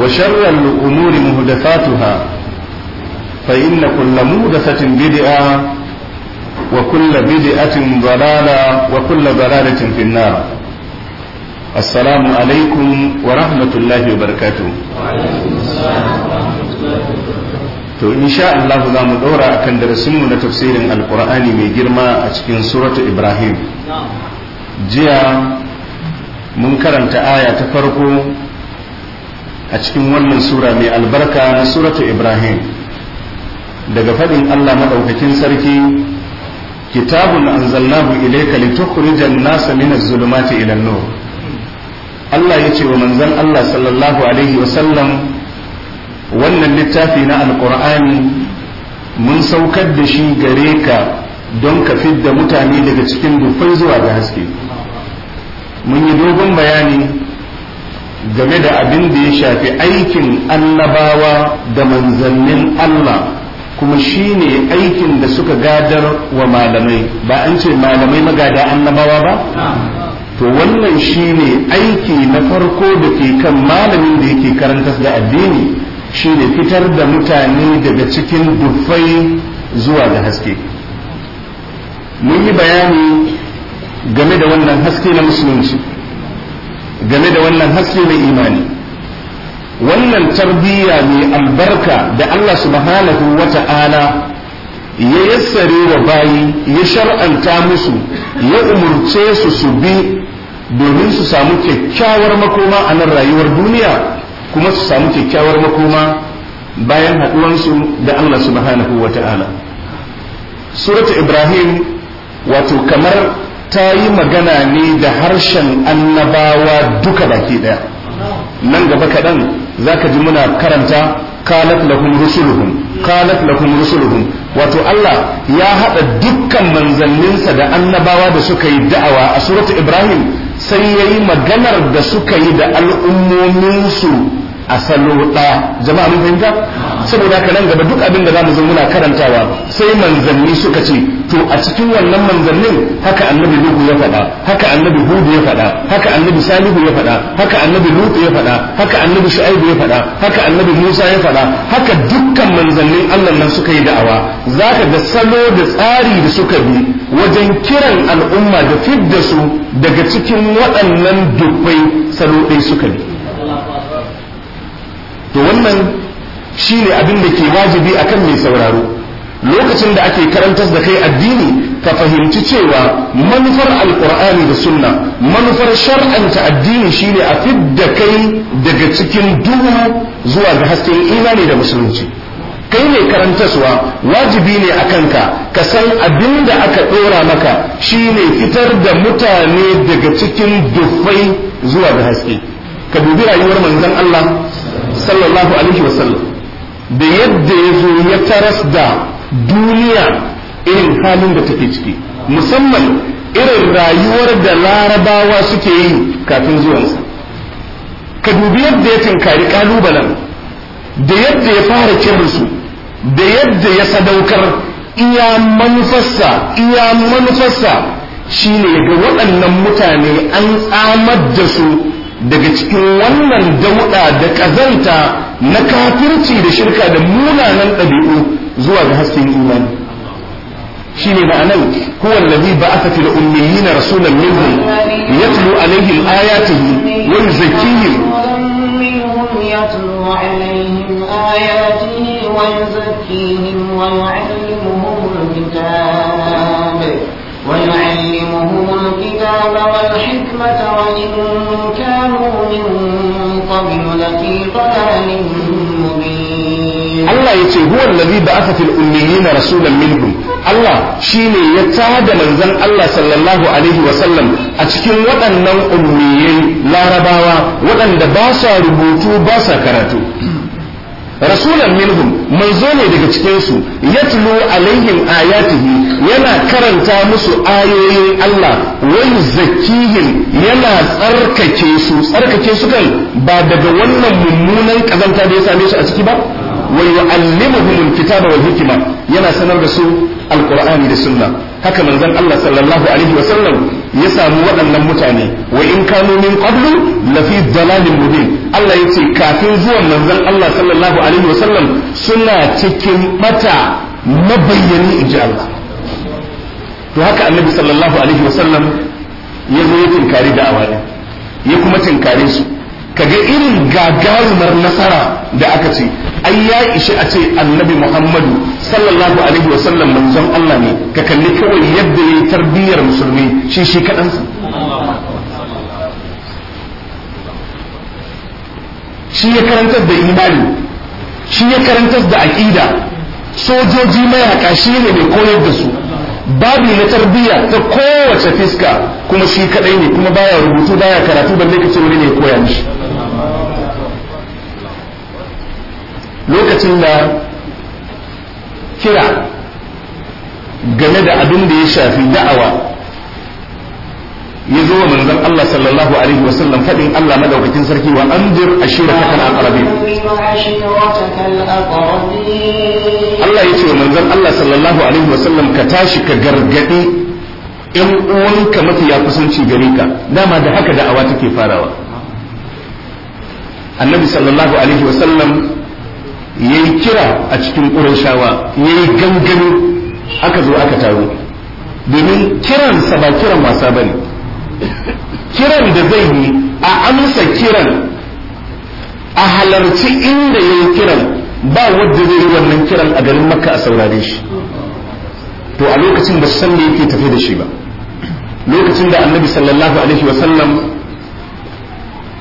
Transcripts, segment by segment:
وشر الأمور مهدثاتها فإن كل مهدثة بدعة وكل بدعة ضلالة وكل ضلالة في النار السلام عليكم ورحمة الله وبركاته To, in Allahu za mu ɗora a kan darasin mu na tafsirin Alƙur'ani mai girma a cikin suratu Ibrahim. Jiya mun karanta aya ta farko a cikin wannan sura mai albarka na suratu ibrahim daga faɗin allah maɗaukakin sarki kitabun anzalnahu ilayka litukhrijan nasa min az-zulumati ila an-nur Allah yace wa manzon Allah sallallahu alaihi wa sallam wannan littafi na alqur'ani mun saukar da shi gare ka don ka fidda mutane daga cikin dufai zuwa ga haske mun yi dogon bayani game da abin da ya shafi aikin annabawa da manzannin Allah kuma shi ne aikin da suka gadar wa malamai ba an ce malamai magada annabawa ba to wannan shi ne aiki na farko da ke kan malamin da yake karanta da addini shi ne fitar da mutane daga cikin dufai zuwa da haske mun yi bayani game da wannan haske na musulunci game da wannan haske mai imani wannan tarbiyya mai albarka da Allah subhanahu wa ta'ala ya yassare wa bayi ya shar'anta musu ya umurce su su bi domin su samu kyakkyawar makoma a nan rayuwar duniya kuma su samu kyakkyawar makoma bayan haɗuwansu da Allah subhanahu wa ta'ala suratu ibrahim wato kamar ta yi magana ne da harshen annabawa duka baki daya nan gaba kaɗan za ka ji muna karanta kalat lahum rusuluhum kalat lahum rusuluhum wato Allah ya haɗa dukkan manzanninsa da annabawa da suka yi da'awa a suratu Ibrahim sai ya yi maganar da suka yi da al'ummominsu a salo ɗaya jama'a mun fahimta saboda haka nan gaba duk abin da zamu zo muna karantawa sai manzanni suka ce to a cikin wannan manzannin haka annabi Nuhu ya faɗa haka annabi Hud ya faɗa haka annabi Salihu ya faɗa haka annabi Lut ya faɗa haka annabi Shu'aibu ya faɗa haka annabi Musa ya faɗa haka dukkan manzannin Allah nan suka yi da'awa zaka ga salo da tsari da suka bi wajen kiran al'umma da fidda su daga cikin waɗannan dubbai salo ɗaya suka bi to wannan shine abin da ke wajibi akan mai sauraro lokacin da ake karantar da kai addini ka fahimci cewa manufar alkur'ani da sunna manufar shar'anta addini shine a fidda kai daga cikin duhu zuwa ga hasken imani da musulunci kai ne karantaswa wajibi ne a kanka ka san abin da aka ɗora maka shine fitar da mutane daga cikin dufai zuwa ga haske ka dubi rayuwar manzon Allah sallallahu alaihi sallam da yadda ya zo ya taras da duniya irin halin da take ciki musamman irin rayuwar da larabawa suke yi kafin zuwansa ka dubi yadda ya tinkari kalubalen da yadda ya fara kirinsu da yadda ya sadaukar iya manufarsa iya manufarsa shine ga waɗannan mutane an tsamar da su daga cikin wannan dauda da kazanta na kafirci da shirka da munanan ɗabi'u zuwa ga hasken imani shi ne ma'anar kowal ladhi ba'atha fil ummiyina rasulan minhum yatlu alaihim ayatihi wa yuzakkihim يتلو عليهم آياته ويزكيهم ويعلمهم الكتاب ويعلمهم الكتاب والحكمة وإن كانوا من قبل لفي ضلال مبين الله يتي هو الذي بعث في الأميين رسولا منهم Allah shi ne ya tada manzon Allah sallallahu Alaihi wasallam a cikin waɗannan ummiyai larabawa waɗanda ba sa rubutu ba sa karatu. rasulan minhum manzo ne daga cikin su yatlu alaihim ayatihi yana karanta musu ayoyin Allah wani zakihin yana tsarkake su tsarkake su kan ba daga wannan mummunan kazanta da ya same su a ciki ba wa yu'allimuhum alkitaba wal hikma yana sanar da su alqur'ani da sunna haka manzon Allah sallallahu alaihi wa sallam ya samu waɗannan mutane wa in kanu min qablu la fi dalalin mubin Allah yace kafin zuwan manzon Allah sallallahu alaihi wa sallam suna cikin mata mabayyani inji Allah to haka annabi sallallahu alaihi wa sallam ya zo ya tinkari da awali ya kuma tinkare su kaga irin gagarumar nasara da aka ce ai ya ishi a ce annabi muhammadu sallallahu alaihi wa sallam manzon Allah ne ka kalli kawai yadda ya yi tarbiyyar musulmi shi shi sa shi ya karantar da imani shi ya karantar da aƙida sojoji mayaka shi ne mai koyar da su Babu na tarbiyya ta kowace fiska kuma shi kadai ne kuma baya rubutu baya karatu balle kace wani ne koya mishi lokacin da kira game da abin da ya shafi da'awa ya zo wa manzon Allah sallallahu alaihi wa sallam fadin Allah madaukakin sarki wa anzir ta kan aqrabin Allah ya ce wa manzon Allah sallallahu alaihi wa sallam ka tashi ka gargadi yan uwanka ya kusanci gare ka dama da haka da'awa take farawa annabi sallallahu alaihi wa sallam ya yi kira a cikin shawa ya yi gangami aka zo aka taru domin kiransa ba kiran wasa ba ne kiran da zai yi a amsa kiran a halarci inda ya yi kiran ba wadda zai yi wannan kiran a garin makka a saurare shi to a lokacin da san da yake tafi da shi ba lokacin da annabi sallallahu alaihi wasallam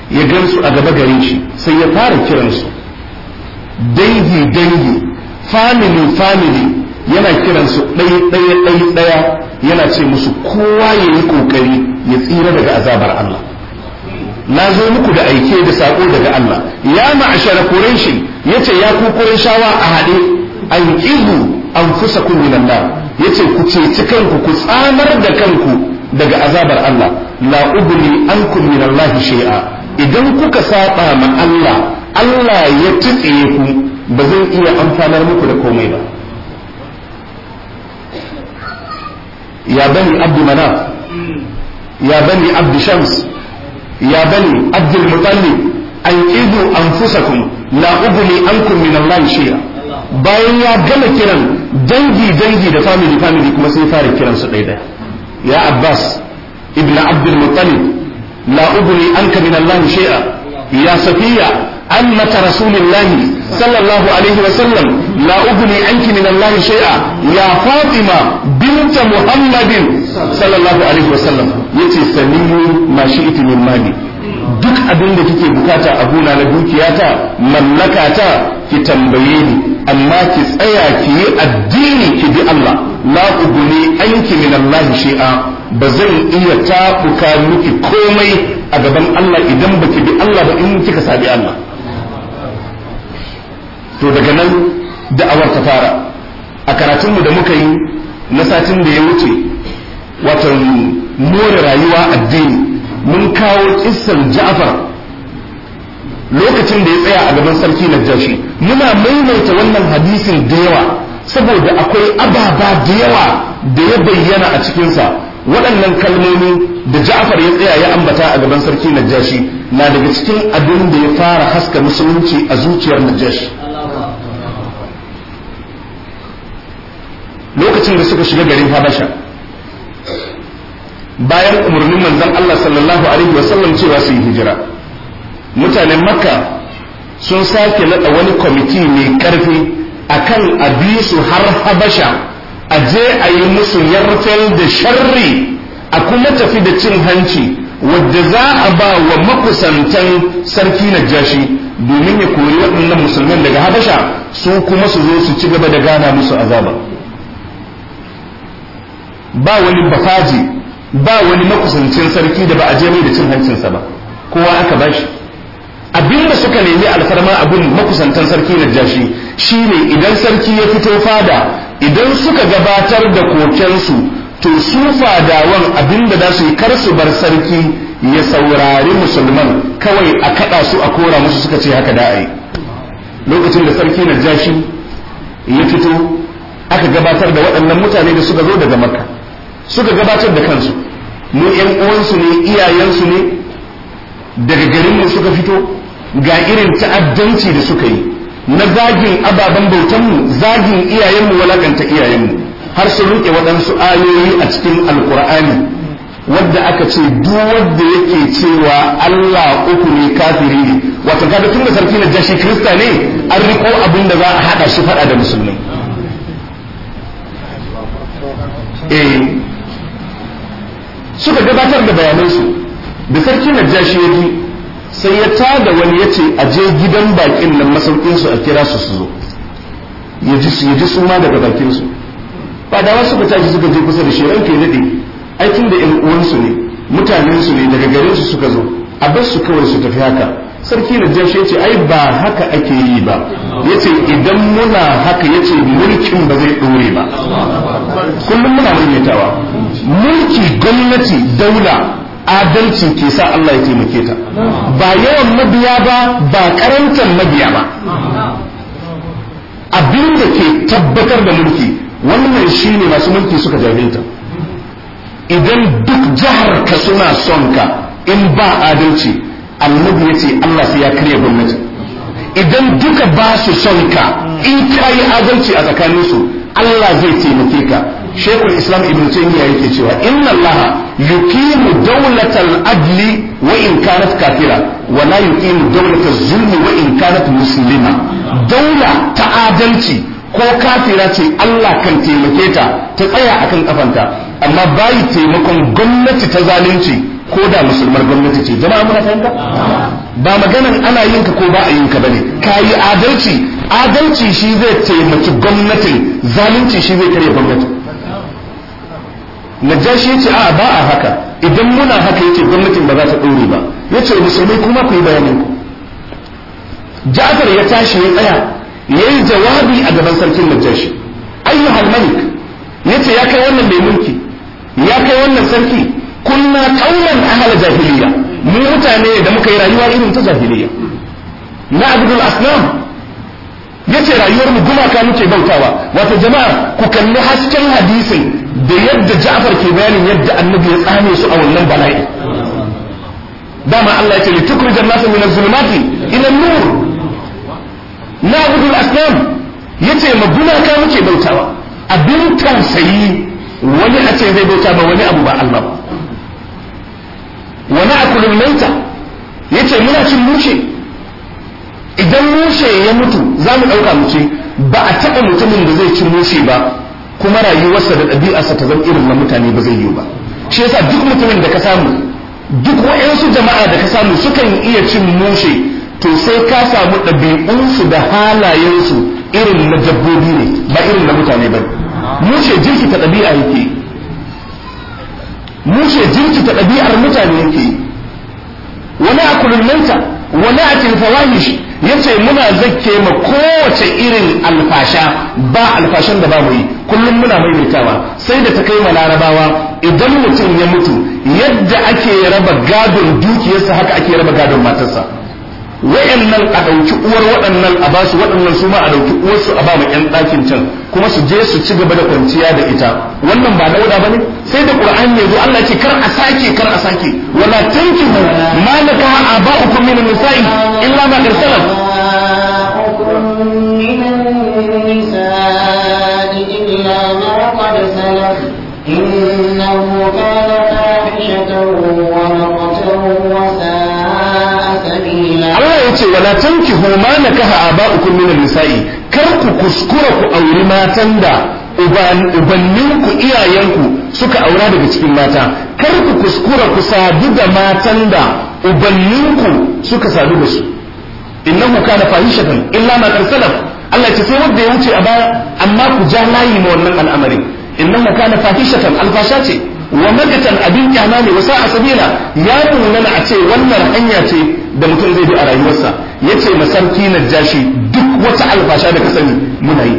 ya gansu a gaba garin shi sai ya fara kiransu dangi dangi family family yana kiran su ɗaya ɗaya ɗaya ɗaya yana ce musu kowa ya yi ƙoƙari ya tsira daga azabar Allah na zo muku da aike da saƙo daga Allah ya ma'ashara kureshi ya ce ya ku shawa a haɗe an ihu an fusa kun yace ya ce ku ceci kanku ku tsamar da kanku daga azabar Allah la ubni an min Allah shay'a idan kuka saba ma Allah Allah ya tutsiye ku ba zai iya amfanar muku da komai ba ya bani abdu manaf ya bani abdu shams ya bani abdul mutallib an idu anfusakum la ubni ankum min Allah shay'a bayan ya gama kiran dangi dangi da family family kuma sai fara kiran su ɗaya ya abbas ibn abdul mutallib la ubni anka min Allah shay'a ya safiya عمة رسول الله صلى الله عليه وسلم لا أغني عنك من الله شيئا يا فاطمة بنت محمد صلى الله عليه وسلم يتي سلمي ما شئت من مالي duk abin da kike bukata a gona na dukiyata mallakata, ki tambaye ni amma ki tsaya ki yi addini ki bi Allah la ubuni anki min Allah shi'a ba zan iya tafuka miki komai a gaban Allah idan baki bi Allah ba in kika sabi Allah to daga nan da'awar ta fara a karatunmu da muka yi na satin da ya wuce wato more rayuwa addini mun kawo kissan ja'far lokacin da ya tsaya a gaban sarki najashi muna maimaita wannan hadisin da yawa saboda akwai ababa da yawa da ya bayyana a cikinsa waɗannan kalmomi da ja'far ya tsaya ya ambata a gaban sarki najashi na daga cikin abin da ya fara haska musulunci a zuciyar najashi lokacin da suka shiga garin habasha bayan umarnin manzon Allah sallallahu alaihi wasallam cewa su yi hijira mutanen makka sun sake nada wani kwamiti mai karfi akan a bi su har habasha a je a yi musu yartar da sharri a kuma tafi da cin hanci wadda za a ba wa makusantan sarki na jashi domin ya kori waɗannan musulman daga habasha su kuma su zo su ci gaba da gana musu azaba. ba wani bafaji ba wani makusancin sarki da ba a je mai da cin hancinsa ba kowa aka bashi abinda suka nemi alfarma abin makusantan sarki na jashi shine idan sarki ya fito fada idan suka gabatar da kokensu to su fadawan abinda za su yi kar su bar sarki ya saurari musulman kawai a kada su a kora musu suka ce haka da lokacin da sarki na jashi ya fito aka gabatar da waɗannan mutane da suka zo daga makka suka gabatar da kansu mu yan uwansu ne iyayensu ne daga garin ne suka fito ga irin ta'addanci da suka yi na zagin ababen bautanmu zagin iyayenmu walakanta iyayenmu har su rike waɗansu ayoyi a cikin alkur'ani wadda aka ce duk wanda yake cewa Allah uku ne kafiri ne wato kaga da sarki na jashi krista ne an riko abin da za a hada shi fada da musulmi eh suka gabatar da bayanansu da sarki najashi ya ji sai ya tada wani ya ce a je gidan bakin nan masaukinsu a kira su su zo ya ji ya ji suma daga bakinsu ba da wasu ka tashi suka je kusa da shi ke ya daɗe aikin da 'yan uwansu ne mutanensu ne daga garinsu suka zo a bar su kawai su tafi haka sarki najashi ya ce ai ba haka ake yi ba yace idan muna haka yace mulkin ba zai ɗore ba kullum muna maimaitawa mulki gwamnati daula adalci ke sa Allah ya taimake ta ba yawan mabiya ba ba karantar mabiya ba abin da ke tabbatar da mulki wannan shi ne masu mulki suka ta idan duk jihar ka suna son ka in ba adalci annabi ya ce Allah sai ya karya gwamnati idan duka ba su son ka in ka yi adalci a tsakaninsu Allah zai taimake ka shekul islam ibn taymiya yake cewa inna allaha yuqimu dawlatal adli wa in kanat kafira wa la yuqimu dawlatal zulmi wa in kanat muslima daula ta adalci ko kafira ce Allah kan taimake ta ta tsaya akan kafanta amma bayi taimakon gwamnati ta zalunci ko da musulmar gwamnati ce jama'a muna fahimta ba maganan ana yin ka ko ba a yin ka bane kayi adalci adalci shi zai taimaki gwamnatin zalunci shi zai kare gwamnati najashi ce a ba a haka idan muna haka yace gwamnatin ba za ta dore ba yace musulmai kuma ku yi bayanin ku Ja'far ya tashi ya tsaya yayi jawabi a gaban sarkin najashi ayyuhal malik yace ya kai wannan mai mulki ya kai wannan sarki kunna qauman ahal jahiliya mu mutane da muka yi rayuwa irin ta jahiliya na abdul aslam yace rayuwar mu gumaka muke bautawa wato jama'a ku kalli hasken hadisin da yadda Ja'far ke bayanin yadda annabi ya tsame su a wannan bala'i dama Allah yake litukrija an-nasa min az-zulumati ila an-nur na'budu al-asnam yace maguna ka muke bautawa abin tausayi wani a ce zai bauta ba wani abu ba Allah ba wani akulun maita yace muna cin mushe idan mushe ya mutu za mu ɗauka muce ba a taɓa mutumin da zai ci mushe ba kuma rayuwarsa da ɗabi'arsa ta zama irin na mutane ba zai yiwu ba shi yasa duk mutumin da ka samu duk wa'yansu jama'a da ka samu sukan iya cin mushe to sai ka samu ɗabi'unsu da halayensu irin na dabbobi ne ba irin na mutane ba mushe ta ɗabi'a yake mushe ta ɗabi'ar mutane yake wani a kullumanta wani a fawahishi yace muna zakke ma kowace irin alfasha ba alfashan da babu yi kullum muna maimaitawa sai da ta kai ma larabawa idan mutum ya mutu yadda ake raba gadon dukiyarsa haka ake raba gadon matarsa wayannan a dauki uwar waɗannan a ba su waɗannan su ma a dauki uwar su a ba mu ƴan ɗakin can kuma su je su ci gaba da kwanciya da ita wannan ba dauda bane sai da qur'ani ne zo Allah ce kar a sake kar a sake wala tankihu ma nakaha aba'ukum min nisa'i illa ma arsalat ce wala tankihu ma nakaha aba'ukum min an-nisa'i kar ku kuskura ku auri matan da ubanninku iyayenku suka aura daga cikin mata kar ku kuskura ku sadu da matan da ubanninku suka sadu da su innahu kana fahishatan illa ma tarsala Allah ce sai wanda ya wuce a baya amma ku ja layi ma wannan al'amarin innahu kana fahishatan alfasha ce wa makatan abin kyama ne wasa a sabila ya nuna a ce wannan hanya ce da mutum zai bi a rayuwarsa ya ce masarki na jashi duk wata alfasha da ka sani muna yi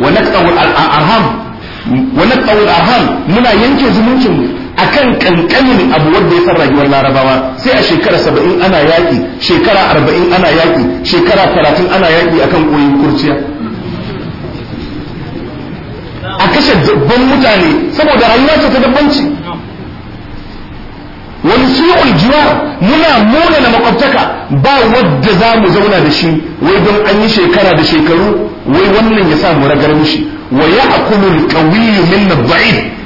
wa naqtawul arham arham muna yanke zumuncin a akan kankanin abu wanda ya san rayuwar larabawa sai a shekara saba'in ana yaƙi shekara arba'in ana yaƙi shekara talatin ana yaƙi akan koyin kurciya a kashe dabban mutane saboda rayuwa ce ta dabbanci wani su'ul jiwar muna mona na makwabtaka ba wadda za mu zauna da shi wai don an yi shekara da shekaru wai wannan ya sa mu ragar mushi wa ya'kulu al-qawiyyu min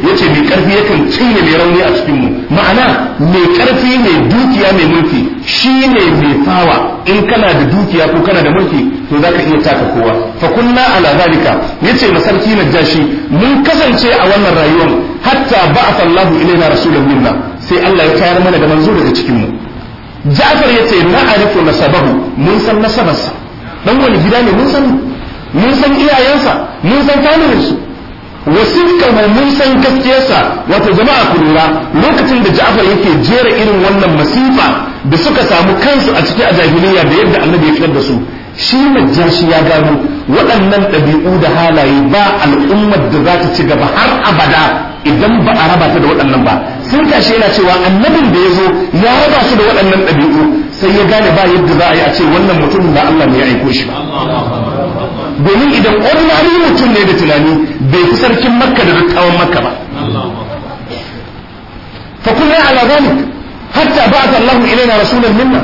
yace mai karfi yakan cinye mai rauni a cikin mu ma'ana mai karfi mai dukiya mai mulki shine mai fawa in kana da dukiya ko kana da mulki to zaka iya taka kowa fa kunna ala zalika yace masarki najashi mun kasance a wannan rayuwar hatta ba'atha Allahu ilaina rasulan minna sai Allah ya tayar mana da manzo daga cikin mu Ja'far yace na'arifu nasabahu mun san nasabarsa dan wani gida ne mun san mun san iyayensa mun san tarihinsu wasu mai mun san gaskiyarsa wato jama'a ku lura lokacin da Ja'far yake jera irin wannan masifa da suka samu kansu a ciki a jahiliya da yadda Annabi ya fitar da su shi najashi ya gano waɗannan ɗabi'u da halaye ba al'ummar da za ta ci gaba har abada idan ba a raba ta da waɗannan ba sun tashi yana cewa annabin da ya zo ya raba su da waɗannan ɗabi'u sai ya gane ba yadda za a yi a ce wannan mutumin da Allah ne ya aiko shi ba domin idan ordinary mutum ne da tunani bai fi sarkin makka da dattawan makka ba fa kuma ba ala zalik hatta ba'atha Allah ilaina rasulan minna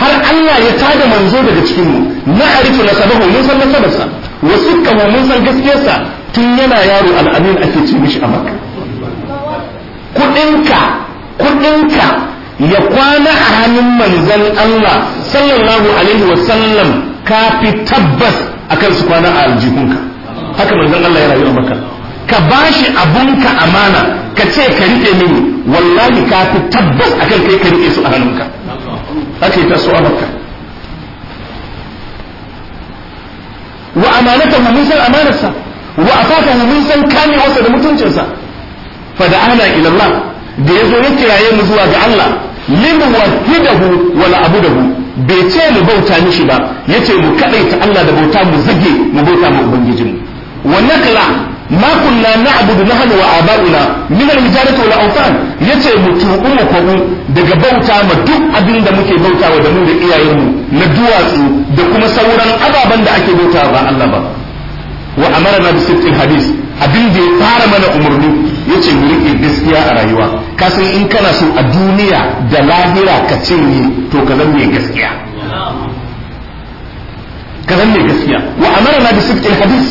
har Allah ya tada manzo daga cikin mu na arifu nasabahu mun san nasabarsa wa kama mun san gaskiyarsa tun yana yaro al'amin ake ce mishi a makka kudinka kudinka ya kwana a hannun manzon Allah sallallahu alaihi wa sallam ka fi tabbas kan su kwana a aljihunka haka manzon Allah ya rayu a maka ka bashi abunka amana ka ce ka rike mini wallahi ka fi tabbas kan kai ka rike su a hannunka haka ita su a maka wa amanatahu mun san amanarsa wa afatahu mun san kamewarsa da mutuncinsa fa da ana ila Allah da yazo ya kiraye mu zuwa ga Allah limu wahidahu wala abudahu bai ce mu bauta mishi ba ya ce mu kaɗaita Allah da bauta mu zage mu bauta mu ubangijin wa nakla ma kunna na'budu nahnu wa aba'una min al-hijarati wal awtan ce mu tuɓu mu kwabu daga bauta ma duk abin da muke wa da mu da iyayen mu na duwatsu da kuma sauran ababen da ake bauta ba Allah ba wa amara na sittil hadis abin da ya fara mana umarni ya ce mu riƙe gaskiya a rayuwa ka san in kana so a duniya da lahira ka cinye to ka zan mai gaskiya ka zan mai gaskiya wa amara na bi sifkin hadis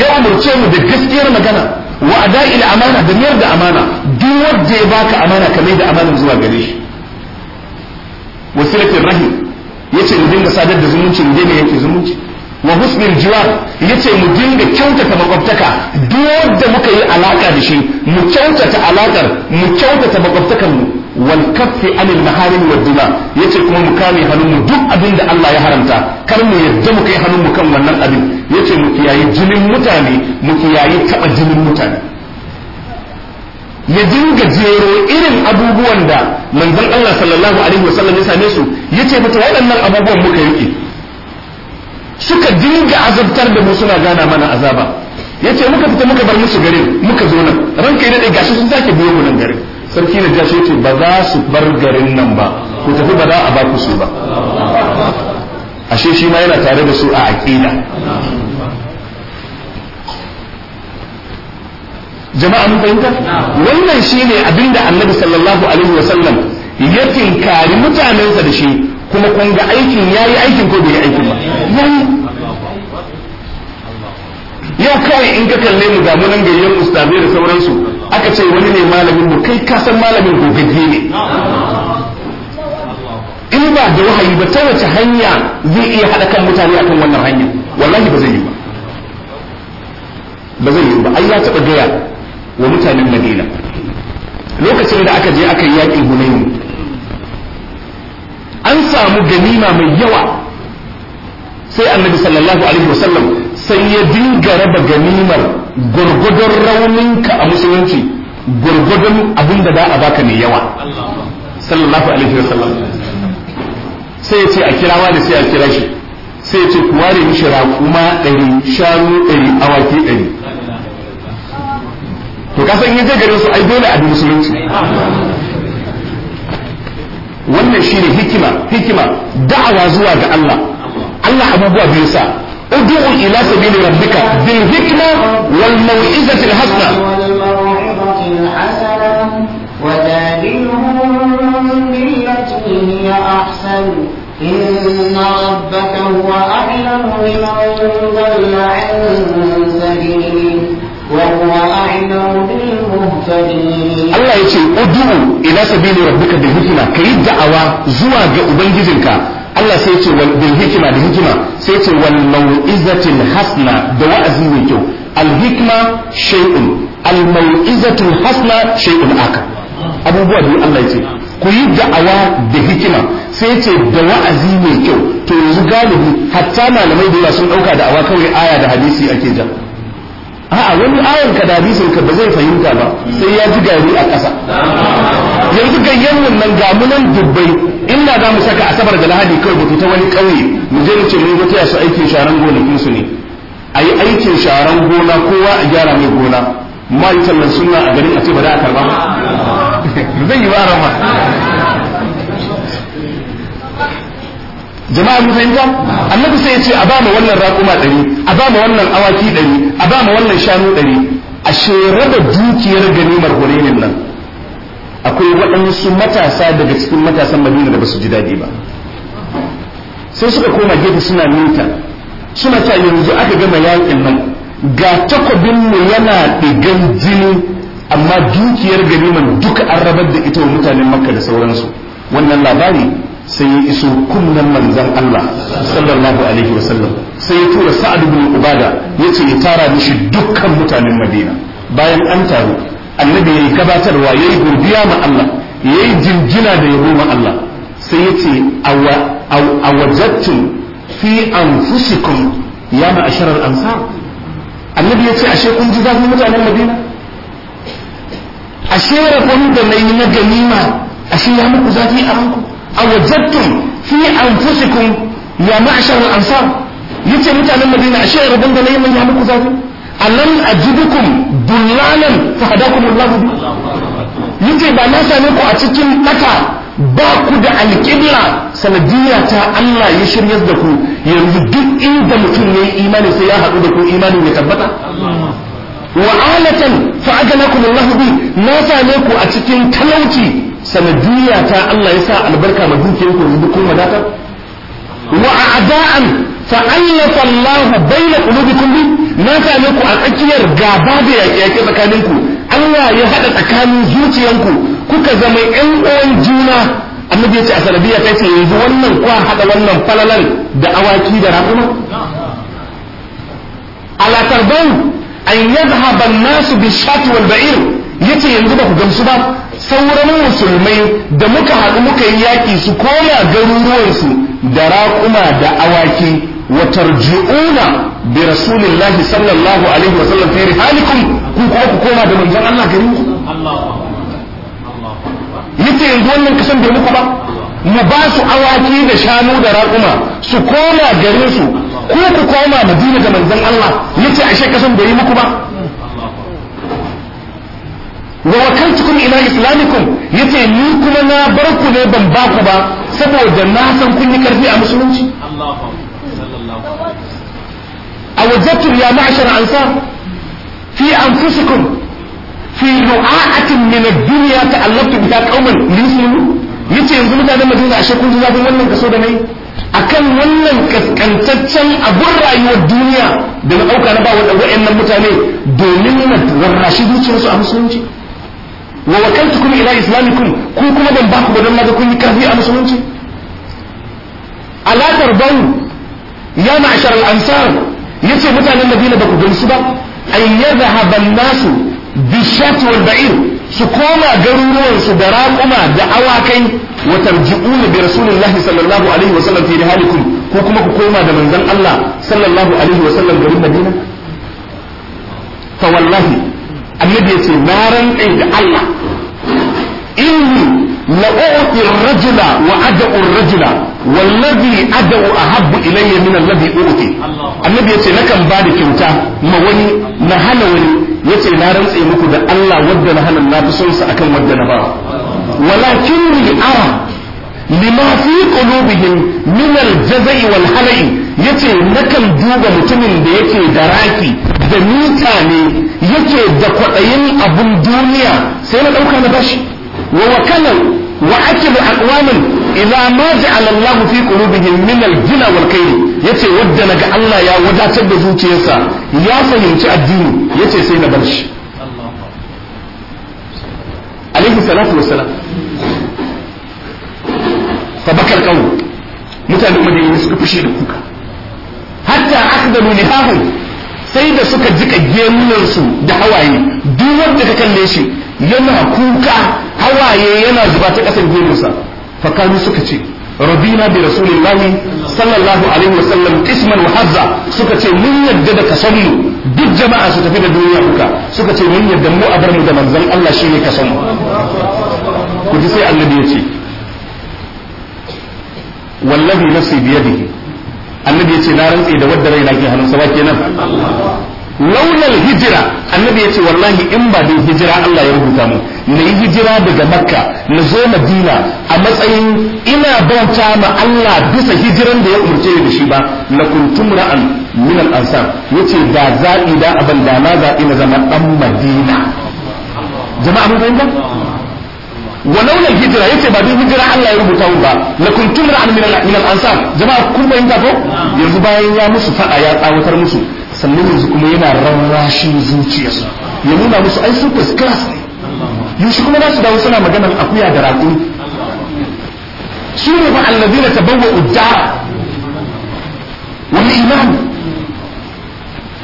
ya umarce mu da gaskiyar magana wa ada'il amana da miyar da amana duk wanda ya baka amana ka mai da amanan zuwa gare shi wasilatin rahim yace mu dinga sadar da zumunci mu daina yake zumunci wa husnul jiwar yace mu dinga kyautata makwabtaka duk da muka yi alaka da shi mu kyautata alakar mu kyautata makwabtakar mu wal kaffi anil maharim wad dima yace kuma mu kame hannun mu duk abin da Allah ya haramta kar mu yadda mu kai hannun mu kan wannan abin yace mu kiyaye jinin mutane mu kiyayi taba jinin mutane ya dinga jero irin abubuwan da manzon Allah sallallahu alaihi wasallam ya same su yace mutane waɗannan abubuwan muka yi suka dinga azabtar da mu suna gana mana azaba yace muka fita muka bar musu garin muka zo nan ranka da gashi sun sake biyo mu nan garin sarki na gashi yace ba za su bar garin nan ba ku tafi ba za a ba ku su ba ashe shi ma yana tare da su a aqida jama'a mun fahimta wannan shine abinda annabi sallallahu alaihi wasallam ya tinkari mutanensa da shi kuma kun ga aikin ya yi aikin ko bai aikin ba yau kawai in ka kalle mu ga munan gayyar mustabe da sauransu aka ce wani ne malamin mu kai ka san malamin gogagge ne in ba da wahayi ba ta wace hanya zai iya haɗa kan mutane akan wannan hanya wallahi ba zai yi ba ba zai yi ba ai ya taba gaya wa mutanen madina lokacin da aka je aka yi yaƙin hunayin an samu ganima mai yawa sai annabi sallallahu alaihi wasallam sai ya dinga raba ganimar gurgudun rauninka a musulunci gurgudun abin da za a baka mai yawa sallallahu alaihi wasallam sai ya ce a kira wani sai a kira shi sai ya ce ku ware mishi raƙuma ɗari shanu ɗari awaki ɗari to kasan yin je garin su ai dole a bi musulunci wannan shine hikima hikima da'awa zuwa ga Allah Allah abubuwa biyu sa ud'u ila sabili rabbika bil hikma wal mau'izati al hasana وجادلهم بالتي هي أحسن إن ربك هو أعلم بمن ضل عن سبيله وهو أعلم Allah ya ce ud'u ila sabili rabbika bil hikma kai da'awa zuwa ga ubangijinka Allah sai ya ce wal bil hikma da hikima sai ya ce wal mau'izatil hasna da wa'azi mai kyau al hikma shay'un al mau'izatul hasna shay'un aka abubuwa da Allah ya ce ku yi da'awa da hikima sai ya ce da wa'azi mai kyau to yanzu galibi hatta malamai da sun dauka da'awa kawai aya da hadisi ake jan a'a wani ayar ka da hadisin ka ba zai fahimta ba sai ya ji gari a ƙasa yanzu ganyen wannan gamunan dubbai inda za mu saka asabar da lahadi kawai ba fita wani ƙauye mu je mu ce mun ga taya su aikin sharan gonakin su ne a yi aikin sharan gona kowa a gyara mai gona ma yi sallan a garin a ce ba za a karba zai yi ba rama jama'a mun fahimta annabi sai ya ce a ba wannan raƙuma ɗari a ba wannan awaki ɗari a ba wannan shanu ɗari a shere da dukiyar ganimar hurenin nan akwai waɗansu matasa daga cikin matasan madina da basu ji daɗi ba sai suka koma gefe suna minta suna ta yanzu aka gama yakin nan ga mu yana ɗigan jini amma dukiyar ganiman duka an rabar da ita wa mutanen makka da sauransu wannan labari sai ya iso kunnen manzan Allah sallallahu alaihi wa sallam, sai ya tura sa'ad ibn ubada yace ya tara mishi dukkan mutanen madina bayan an taru annabi yayi gabatarwa yayi gurbiya ma Allah yayi jinjina da yabo ma Allah sai yace awa awajattum fi anfusikum ya ma'ashar al-ansar annabi yace ashe kun ji zafin mutanen madina ashe rabon da nayi na ganima ashe ya muku zafi a ranku awajadtum fi anfusikum ya ma'ashar al-ansar yace mutanen Madina ashe rabon da nayi mun ya muku zafi alam ajidukum dullalan fa hadakum Allah yace ba na same ku a cikin daka ba ku da alƙibla sanadiyya ta Allah ya shirya da ku yanzu duk inda mutum ya yi imani sai ya haɗu da ku imanin ya tabbata wa alatan fa aganakum Allah bi na same ku a cikin talauci sanadiyya ta Allah ya sa albarka ma dukiyar ku yanzu kun wa a'da'an fa allafa Allah baina qulubikum bi na same ku a tsakiyar gaba da yaƙe yake tsakanin ku Allah ya hada tsakanin zuciyanku kuka zama ƴan uwan juna annabi yace a sanadiyya ta ce yanzu wannan kwa hada wannan falalan da awaki da raƙuma ala tarban an yadhhaba an-nasu bi-shati wal-ba'ir yace yanzu ba ku gamsu ba sauran musulmai da muka haɗu muka yi yaƙi su koma garuruwansu da raƙuma da awaki wa tarji'una bi rasulillahi sallallahu alaihi wa sallam fi rihalikum ku kuma ku koma da manzon Allah garin ku yace yanzu wannan kasan bai muku ba mu ba su awaki da shanu da raƙuma su koma garin su ku ku koma madina da manzon Allah yace ashe kasan bai muku ba wa wakaltukum ila islamikum yace ni kuma na bar ku ne ban ba ku ba saboda na san kun yi karfi a musulunci a wajattum ya ma'ashar ansar fi anfusikum fi ru'a'atin min ad-dunya ta'allaqtu bi qauman yuslimu yace yanzu mutanen madina ashe kun ji wannan kaso da nayi akan wannan kaskantaccen abun rayuwar duniya da na dauka na ba waɗannan mutane domin na rarrashi su a musulunci wa wakaltukum ila islamikum ku kuma ban ba ku ba don naga kun yi karfi a musulunci alaƙar bau ya ma'ashar al'ansar ya ce mutanen madina ba ku gamsu ba an yadhhaba nasu bishat wal ba'ir su koma garuruwan su da raƙuma da awakai wa tarji'una bi rasulillahi sallallahu alaihi wa sallam fi rihalikum ko kuma ku koma da manzon Allah sallallahu alaihi wa sallam garin Madina fa wallahi annabi ya ce na rantsa da Allah inni la'u'ti rajula wa ad'u rajula wallazi ad'u ahabbu ilayya min alladhi u'ti annabi ya ce nakan ba da kyauta ma wani na hana wani yace na rantsa muku da Allah wadda na hana na fi son sa akan wadda na ba walakinni ara lima fi qulubihim min al-jazai wal hala'i yace nakan duba mutumin da yake da raki da mutane yake da kwaɗayin abun duniya sai na ɗauka na bashi wa wakalan wa akilu aqwamin idza ma ja'ala Allah fi qulubihim min al-ghina wal kayl yace wadda naga Allah ya wadatar da zuciyarsa ya fahimci addini yace sai na bar shi alaihi salatu wassalam fa bakal qawl mutanen madina suka fushi da kuka hatta akhdalu nihahum sai da suka jika gemunansu da hawaye duk wanda ka kalle shi yana kuka hawaye yana zuba ta ƙasar gemunsa fakanu suka ce rabina bi rasulillahi sallallahu alaihi wasallam isman wa hazza suka ce mun yadda da kasanmu duk jama'a su tafi da duniya kuka suka ce mun yadda mu a mu da manzon Allah ne kasanmu ku ji sai annabi ya ce wallahi nafsi biyadihi annabi ya ce na rantse da wadda raina ke hannunsa sabaki nan launar hijira annabi ya ce wallahi in ba dai hijira Allah ya rubuta mu na yi hijira daga makka na zo madina a matsayin ina bauta ma Allah bisa hijiran da ya umarce da shi ba na kuntum ra'an min al ansar yace da zabi da aban da na zabi na zama dan madina jama'a mun fahimta walau lal hijira yace ba duk hijira Allah ya rubuta mu ba la kuntum ra'an min al min al ansar jama'a kun bayin yanzu bayan ya musu fada ya tsawatar musu sannan yanzu kuma yana rarrashin zuciyarsu ya nuna musu ai su first ne yanzu kuma za su dawo suna maganar akuya da raƙumi su ne ba allazina tabawwa ujjara wal iman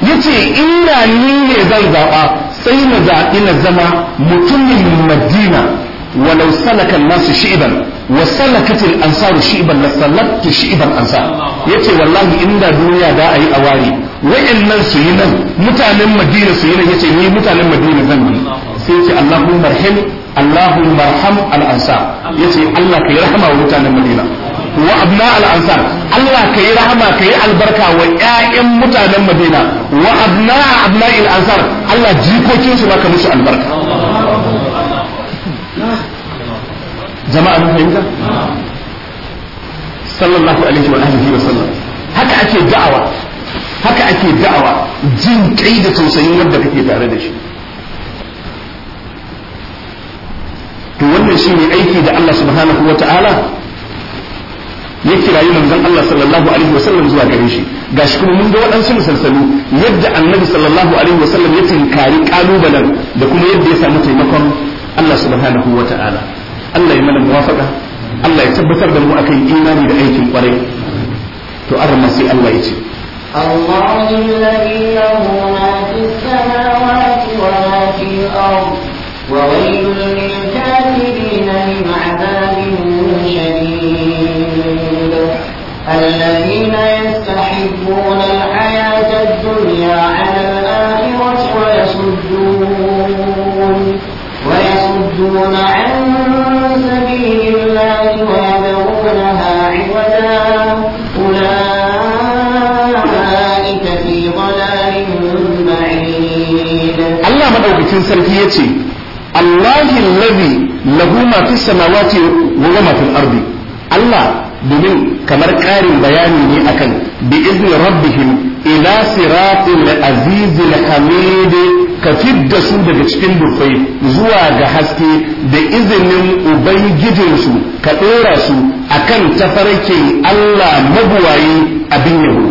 yace ina ni ne zai zaɓa sai na zaɓi na zama mutumin madina ولو سلك الناس شعبا وسلكت الانصار شعبا لسلكت شعبا انصار yace wallahi inda duniya da ayi awari wayannan su yi nan mutanen madina su yi nan yace ni mutanen madina zan bi sai yace allahumma rahim allahumma arham al ansar yace allah kai rahama wa mutanen madina wa abna al ansar allah kai rahama kai albarka wa ƴaƴan mutanen madina wa allah baka musu albarka jama'a mun fahimta sallallahu alaihi wa alihi wa sallam haka ake da'awa haka ake da'awa jin kai da tausayin wanda kake tare da shi to wannan shine aiki da Allah subhanahu wa ta'ala ya kirayi manzon Allah sallallahu alaihi wa sallam zuwa gare shi gashi kuma mun ga waɗansu misalsalu yadda annabi sallallahu alaihi wa sallam ya tinkari kalubalen da kuma yadda ya samu taimakon Allah subhanahu wa ta'ala Allah ya mana muwafaqa Allah ya tabbatar da mu akan imani da aikin kwarai to arma sai Allah ya ce الله الذي له ما في السماوات وما في الأرض وويل للكافرين من عذاب شديد الذين يستحبون الحياة الدنيا على الآخرة ويصدون ويصدون عن Allah maɗaukacin sarki ya ce, Allah labi laguma fi samawati wa fi ardi Allah domin kamar ƙarin bayani ne akan bi izni rabbihim ila siratul azizil hamid ka fidda su daga cikin dufai zuwa ga haske da izinin ubangijinsu ka ɗora su akan tafarkin Allah mabuwayi abin yabo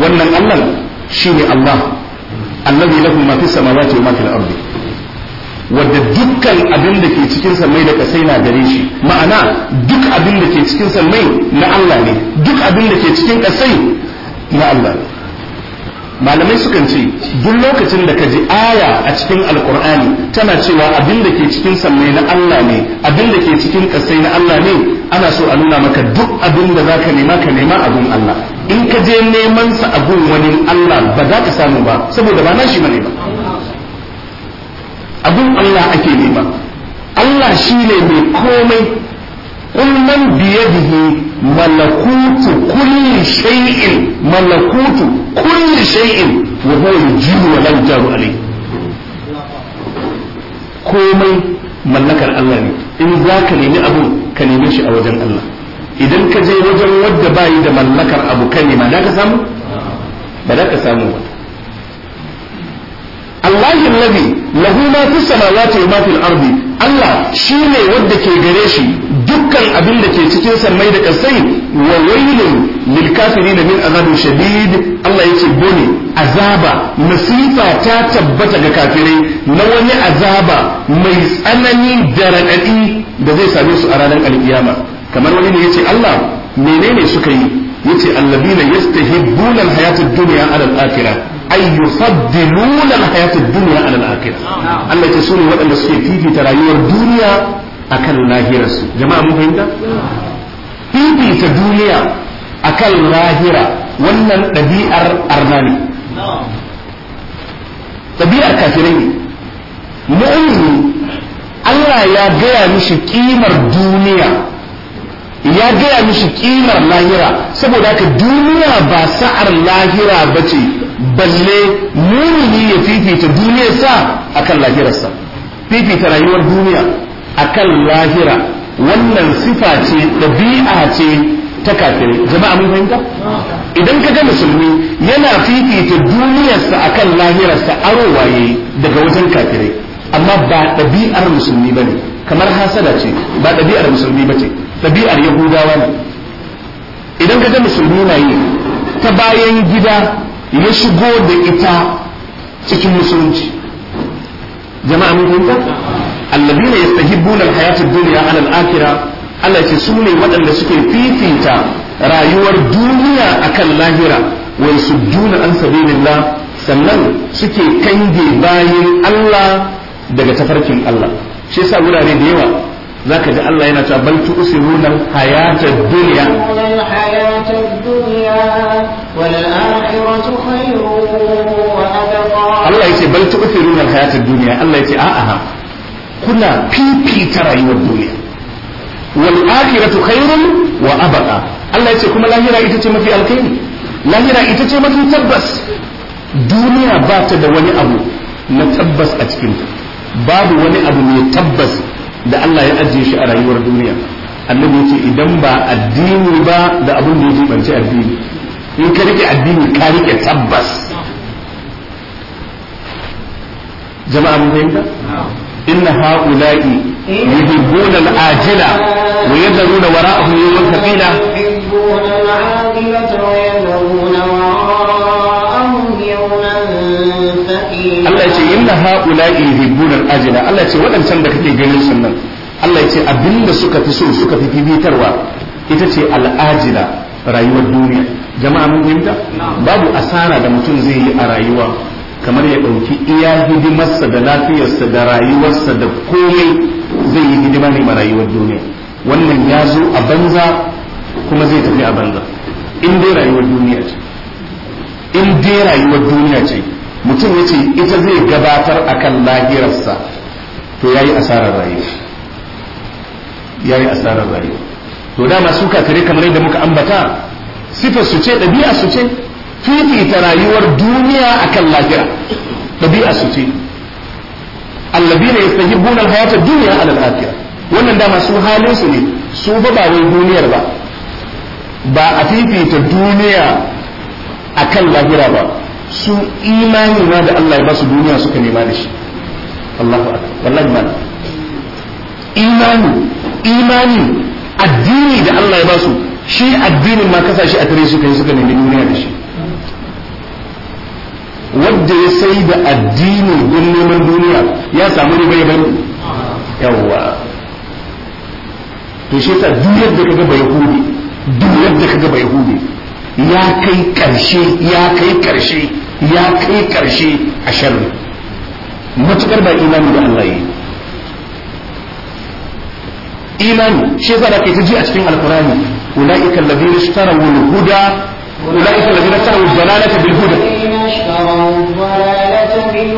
wannan Allah ne Allah allazi lahu ma fis samawati wa ma fil ardi wadda dukkan abin da ke cikin mai da kasai na gare shi ma'ana duk abin da ke cikin mai na Allah ne duk abin da ke cikin kasai na Allah ne malamai sukan ce duk lokacin da ka ji aya a cikin alkur'ani tana cewa abin da ke cikin sammai na Allah ne abin da ke cikin kasai na Allah ne ana so a nuna maka duk abin da zaka nema ka nema abun Allah in ka je neman sa abun wani Allah ba za ka samu ba saboda ba nashi bane ba abun Allah ake nema Allah shine mai komai قل من بيده kulli كل شيء ملكوت كل شيء وهو يجيب wa يجار عليه komai mallakar Allah ne in za ka nemi abu ka nemi shi a wajen Allah idan ka je wajen wadda bayi da mallakar abu ka nema da ka samu ba da ka samu ba Allah nabi lahu ma fi samawati wa Allah shi ne wanda ke gare shi dukkan abin da ke cikin sammai da kasai wa wailun lil kafirin min azabin shadid Allah yace gone azaba masifa ta tabbata ga kafirai na wani azaba mai tsanani da raɗaɗi da zai same su a ranar alkiyama kamar wani ne yace Allah menene suka yi yace allabina yastahibbuna al-hayatad dunya ala al-akhirah ay yufaddiluna al ad-dunya ala al-akhirah Allah ya sune waɗanda suke fifita rayuwar duniya akan lahirar su jama'a mun fahimta fifita duniya akan lahira wannan ɗabi'ar arnani ɗabi'ar kafirai ne mu'mini Allah ya gaya mishi kimar duniya ya gaya mishi kimar lahira saboda haka duniya ba sa'ar lahira bace balle mumini ya fifita duniya sa akan lahirarsa fifita rayuwar duniya akan lahira wannan sifa ce ɗabi'a ce ta kafirai jama'a mun fahimta idan ka ga musulmi yana fifita duniyarsa akan lahirarsa aro waye daga wajen kafirai amma ba ɗabi'ar musulmi ba ne kamar hasada ce ba ɗabi'ar musulmi ba ce ɗabi'ar yahudawa ne idan ka ga musulmi na yi ta bayan gida ya shigo da ita cikin musulunci jama'a mun fahimta alladina yastahibbuna alhayata dunya ala al-akhirah Allah ce su ne waɗanda suke fifita rayuwar duniya akan lahira wa yasudduna an sabilillah sannan suke kange bayin Allah daga tafarkin Allah shi yasa wurare da yawa zaka ji Allah yana cewa bal tu'siruna hayata ad-dunya Allah ya ce bal tu'thiruna al-hayatad duniya. Allah ya ce a'a kuna fifita rayuwar duniya wal akhiratu khairun wa abqa Allah ya ce kuma lahira ita ce mafi alkhairi lahira ita ce mafi tabbas duniya ba ta da wani abu na tabbas a cikin babu wani abu mai tabbas da Allah ya ajiye shi a rayuwar duniya annabi ya ce idan ba addini ba da abin da ya jibance addini in ka rike addini ka rike tabbas jama'a mun fahimta inna haula'i yuhibbuna al-ajila wa yadruna wara'ahum yawman thaqila Allah ce inna haula'i yuhibbuna al-ajila Allah ce waɗancan da kake ganin nan. Allah ya ce abinda suka fi so suka fi fitarwa. ita ce al'ajila rayuwar duniya jama'a mun fahimta babu asara da mutum zai yi a rayuwa kamar ya ɗauki iya hidimarsa da lafiyarsa da rayuwarsa da komai zai yi hidima ne ma rayuwar duniya wannan ya zo a banza kuma zai tafi a banza in dai rayuwar duniya ce in dai rayuwar duniya ce mutum ya ce ita zai gabatar a kan lahirarsa to ya yi asarar rayuwa ya yi asarar rayuwa to dama su kakare kamar yadda muka ambata sifar su ce ɗabi'a su ce fifita rayuwar duniya akan lafiya. ɗabi'a su ce allabina yastahibbuna hayata duniya ala lafiya. wannan dama su halin su ne su ba ba wai duniyar ba ba a fifita duniya akan lafiya ba su imani ma da Allah ya ba su duniya suka nema da shi Allahu akbar wallahi ma imani imani addini da Allah ya ba su. shi addinin ma kasashe a tare suka yi suka nemi duniya da shi Wanda ya sai da addinin don neman duniya ya samu riba bai bari? yawwa to shi yasa duk yadda kaga bai hude duk yadda kaga bai hude ya kai karshe ya kai karshe ya kai karshe a sharri matukar ba imani da Allah yi imani shi yasa da kai ta ji a cikin alkurani أولئك الذين اشتروا الهدى أولئك الذين اشتروا الضلالة بالهدى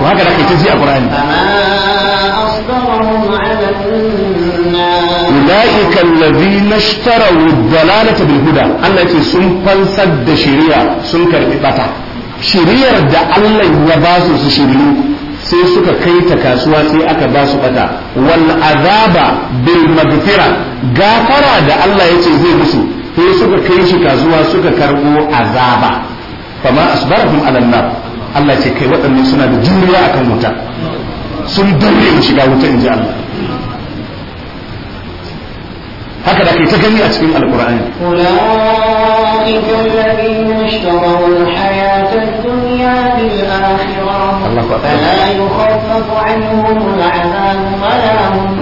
وهكذا في تجزي القرآن أولئك الذين اشتروا الضلالة بالهدى التي سنفن سد شريعة سنكر بطا شريعة دا الله يباسو سشريعه sai suka kai ta kasuwa sai aka ba su bata wal azaba bil magfira gafara da Allah ya ce zai musu sai suka kai shi kasuwa suka karbo azaba fama asbarahum ala nar Allah ce kai waɗannan suna da juriya akan wuta sun dare in shiga wuta inji Allah haka da kai ta gani a cikin alqur'ani alladhina ishtaraw al-hayata الله أكبر فلا يخفف عنهم العذاب ولا هم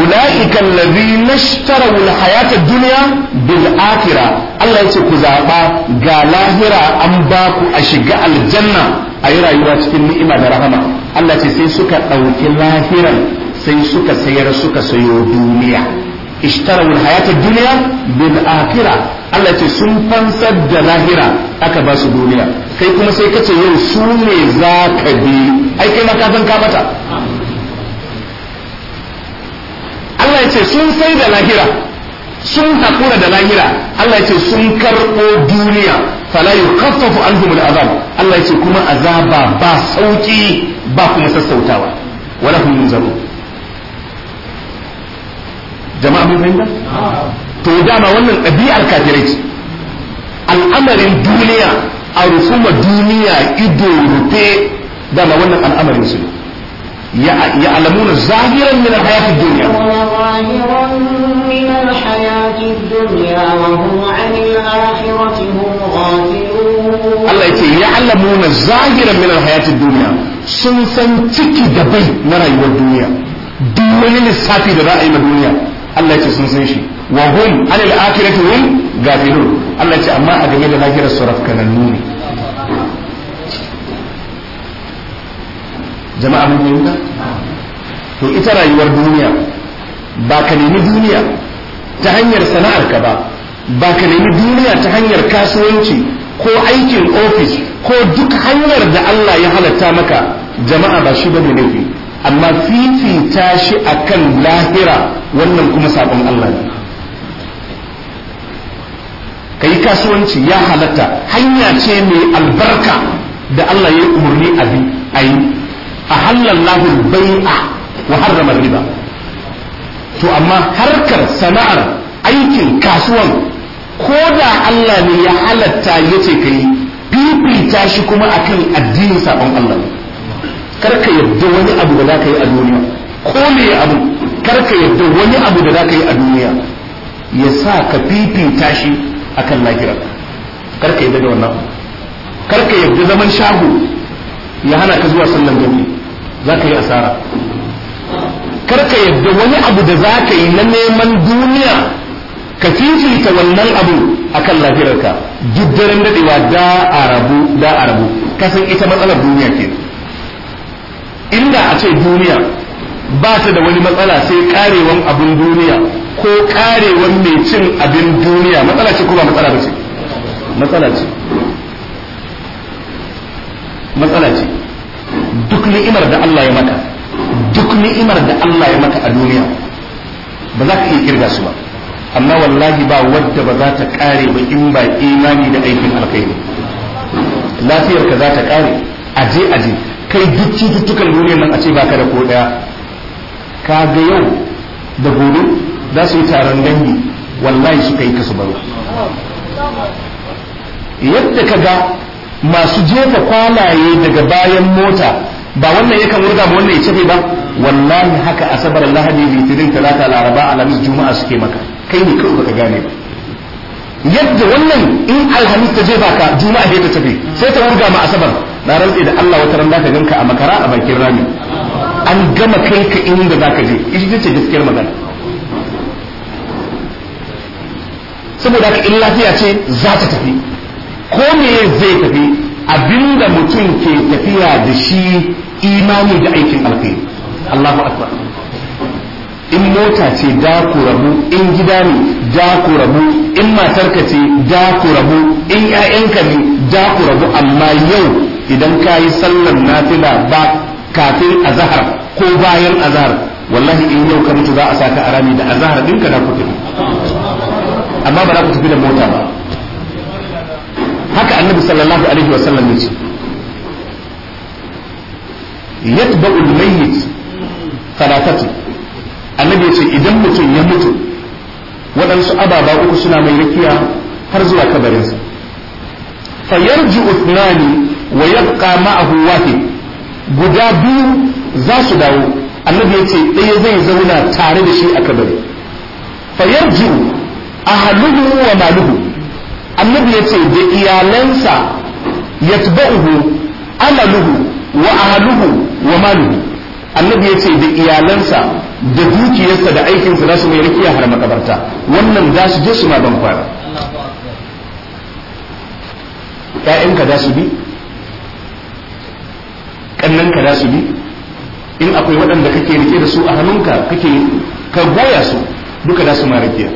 أولئك الذين اشتروا الحياة الدنيا بالآخرة الله يتكو زعبا غالاهرة أنباكو أشقاء الجنة أي رأيوا تكن نئمة درهما الله تسيسك أو كلاهرة سيسك سيرسك سيو دنيا اشتروا الحياة الدنيا بالآخرة Allah ce sun fansar da lahira aka ba su duniya kai kuma sai kace yau su ne za ka bi ai kai ma ka san ka mata Allah ya ce sun sai da lahira sun hakura da lahira Allah ya ce sun karɓo duniya fala yukaffafu anhum al'azab Allah ya ce kuma azaba ba sauki ba kuma sassautawa wala hum yunzaru jama'a mun fahimta to dama wannan ɗabi'ar kafirai al'amarin duniya a rufuma duniya ido rufe dama wannan al'amarin su ya alamuna zahiran min hayatid dunya Allah yace ya alamuna zahiran min hayatid dunya sun san ciki da bai na rayuwar duniya duk wani lissafi da za a yi na duniya Allah yace sun san shi wa hum anil akhirati hum gafilun Allah ce amma a game da lahirar suraf kanannu ne jama'a mun fahimta to ita rayuwar duniya ba ka nemi duniya ta hanyar sana'arka ba ba ka nemi duniya ta hanyar kasuwanci ko aikin ofis ko duk hanyar da Allah ya halatta maka jama'a ba shi bane laifi amma fifita shi akan lahira wannan kuma sabon Allah ne ka yi kasuwanci ya halatta hanya ce mai albarka da Allah ya umarni a bi a a halallahu bai'a wa harrama riba to amma harkar sana'ar aikin kasuwan ko da Allah ne ya halatta ya ce ka yi fifita shi kuma akan addinin sabon Allah kar ka yarda wani abu da za ka yi a duniya ko me abu kar ka yarda wani abu da za ka yi a duniya ya sa ka fifita shi akan lahira karka yadda da wannan karka yadda zaman shago ya hana ka zuwa sallan gani za ka yi asara karka yadda wani abu da za ka yi na neman duniya ka fifita wannan abu akan lafiyarka duk daren daɗewa da arabu da ka kasan ita matsalar duniya ke inda a ce duniya ba ta da wani matsala sai karewan abin duniya ko karewar mai cin abin duniya matsala ce ko ba matsala ba ce matsala ce matsala ce duk ni'imar da Allah ya maka duk ni'imar da Allah ya maka a duniya ba za ka iya kirga su ba amma wallahi ba wadda ba za ta kare ba in ba imani da aikin alkhairi lafiyar ka za ta kare aje aje kai duk cututtukan duniyar nan a ce ba ka da ko daya ka ga yau da gobe za su yi taron dangi wallahi suka yi kasu banza yadda ka ga masu jefa kwalaye daga bayan mota ba wannan yakan wurga ba wannan ya cafe ba wallahi haka asabar lahadi litinin talata laraba alhamis juma'a suke maka kai ne kawai baka gane ba yadda wannan in alhamis ta jefa ka juma'a ya ta tafi sai ta wurga ma asabar na rantsi da Allah wata ran zaka ganka a makara a bakin rami an gama kai ka inda zaka je ita ce gaskiyar magana saboda ka in lafiya ce za ta tafi ko me zai tafi abinda mutum ke tafiya da shi imani da aikin alkhairi Allahu akbar in mota ce da ku rabu in gida ne da ku rabu in matarka ce da ku rabu in ƴaƴanka ne da ku rabu amma yau idan ka yi sallar nafila ba kafin azhar ko bayan azhar wallahi in yau ka mutu za a saka arami da azhar ɗinka da ku tafi amma ba za ku tafi da mota ba haka annabi sallallahu alaihi wa sallam yace yatba'u al-mayyit thalathati annabi yace idan mutum ya mutu waɗansu ababa uku suna mai rikiya har zuwa Fa yarju uthnani wa yabqa ma'ahu wahid guda biyu za su dawo annabi yace ɗaya zai zauna tare da shi a kabari yarju Ahaluhu wa maluhu annabi ya ce da iyalansa yatba'uhu amaluhu wa ahaluhu wa maluhu annabi ya ce da iyalansa da dukiyarsa da aikinsa za su mai rikiya har makabarta wannan za su je su ma ban fara ƴaƴanka za su bi ƙannanka za su bi in akwai waɗanda kake rike da su a hannunka kake ka goya su duka za su ma rikiya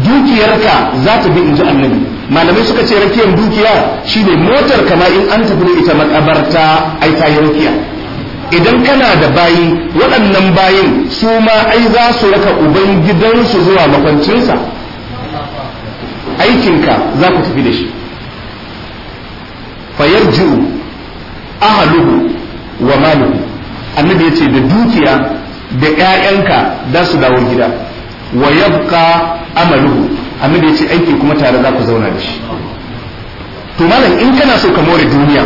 dukiyarka za ta bi in ji annabi malamai suka ce rakiyar dukiya shi ne motar kama in an tafi ne ita makabarta ai ta yi rakiya idan kana da bayi waɗannan bayin su ma ai za su raka uban gidansu zuwa makwancinsa aikinka za ku tafi da shi fayarji'u ahaluhu wa maluhu annabi ya ce da dukiya da 'ya'yanka za su dawo gida wa yabqa amaluhu amma da yace aiki kuma tare za ku zauna da shi to malam in kana so ka more duniya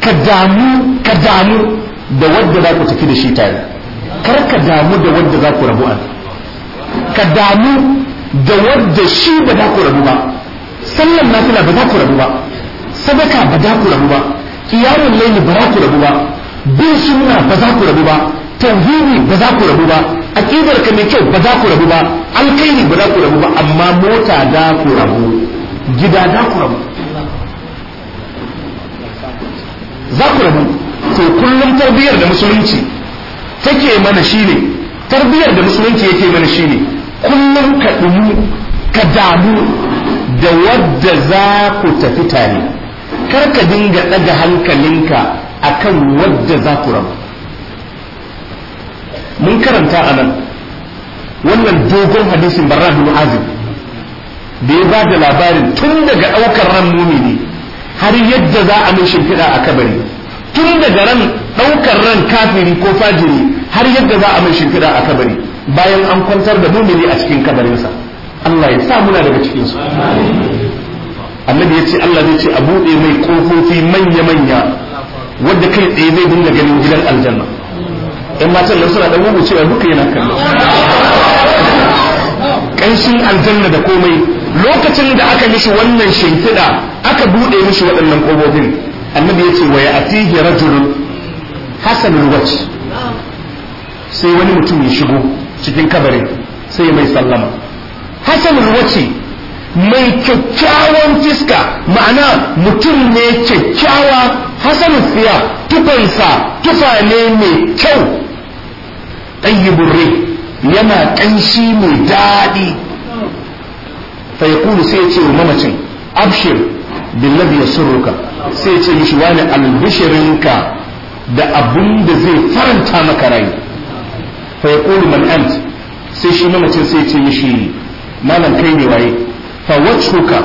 ka damu ka damu da wadda za ku tafi da shi tare kar ka damu da wadda za ku rabu a ka damu da wadda shi ba za ku rabu ba sallan nafila ba za ku rabu ba sadaka ba za ku rabu ba kiyamun laili ba za ku rabu ba bin sunna ba za ku rabu ba tauhidi ba za ku rabu ba akidar ka mai kyau ba za ku rabu ba alkhairi ba za ku rabu ba amma mota za ku rabu gida za ku rabu za ku rabu to kullum tarbiyar da musulunci take mana shine tarbiyar da musulunci yake mana shine kullum ka dumu ka damu da wadda za ku tafi tare kar ka dinga ɗaga hankalinka akan wadda za ku rabu mun karanta a nan wannan dogon hadisin barra bin azib da ya ba da labarin tun daga ɗaukar ran mumini har yadda za a mai shimfiɗa a kabari tun daga ran ɗaukar ran kafiri ko fajiri har yadda za a mai shimfiɗa a kabari bayan an kwantar da mumini a cikin kabarinsa Allah ya sa muna daga cikinsu annabi ya ce Allah zai ce a buɗe mai ƙofofi manya-manya wadda kai tsaye zai dinga ganin gidan aljanna in matan nan suna da gugu cewa duka yana kallo ƙanshin aljanna da komai lokacin da aka mishi wannan shimfiɗa aka buɗe mishi waɗannan ƙofofin annabi ya yace wa ya'tihi rajulun hasanul wacce. sai wani mutum ya shigo cikin kabari sai mai sallama hasanul wacce mai kyakkyawan fiska ma'ana mutum ne kyakkyawa hasan fiya tufansa tufa ne mai kyau tayyibur rai yana ƙanshi mai daɗi fa yaqulu sai ya ce wa mamacin abshir billabi yasurruka sai ya ce mishi wani albishirinka da abun da zai faranta maka rai fa yaqulu man ant sai shi mamacin sai ya ce mishi malam kai ne waye fa wajhuka